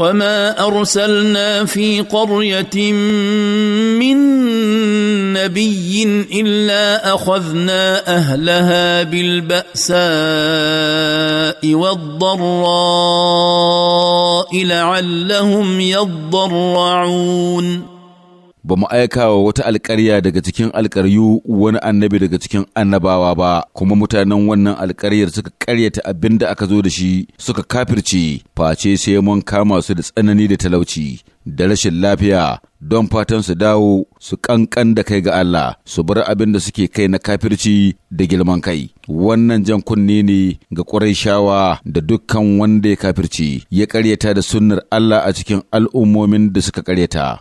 وما ارسلنا في قريه من نبي الا اخذنا اهلها بالباساء والضراء لعلهم يضرعون ba mu aika wa wata alƙarya daga cikin alƙaryu wani annabi daga cikin annabawa ba kuma mutanen wannan alƙaryar suka karyata abin da aka zo da shi suka kafirce face sai mun kama su da tsanani da talauci da rashin lafiya don fatan su dawo su ƙanƙan da kai ga Allah su bar abin da suke kai na kafirci da girman kai wannan jan kunne ne ga shawa da dukkan wanda ya kafirci ya karyata da sunnar Allah a cikin al'ummomin da suka ƙaryata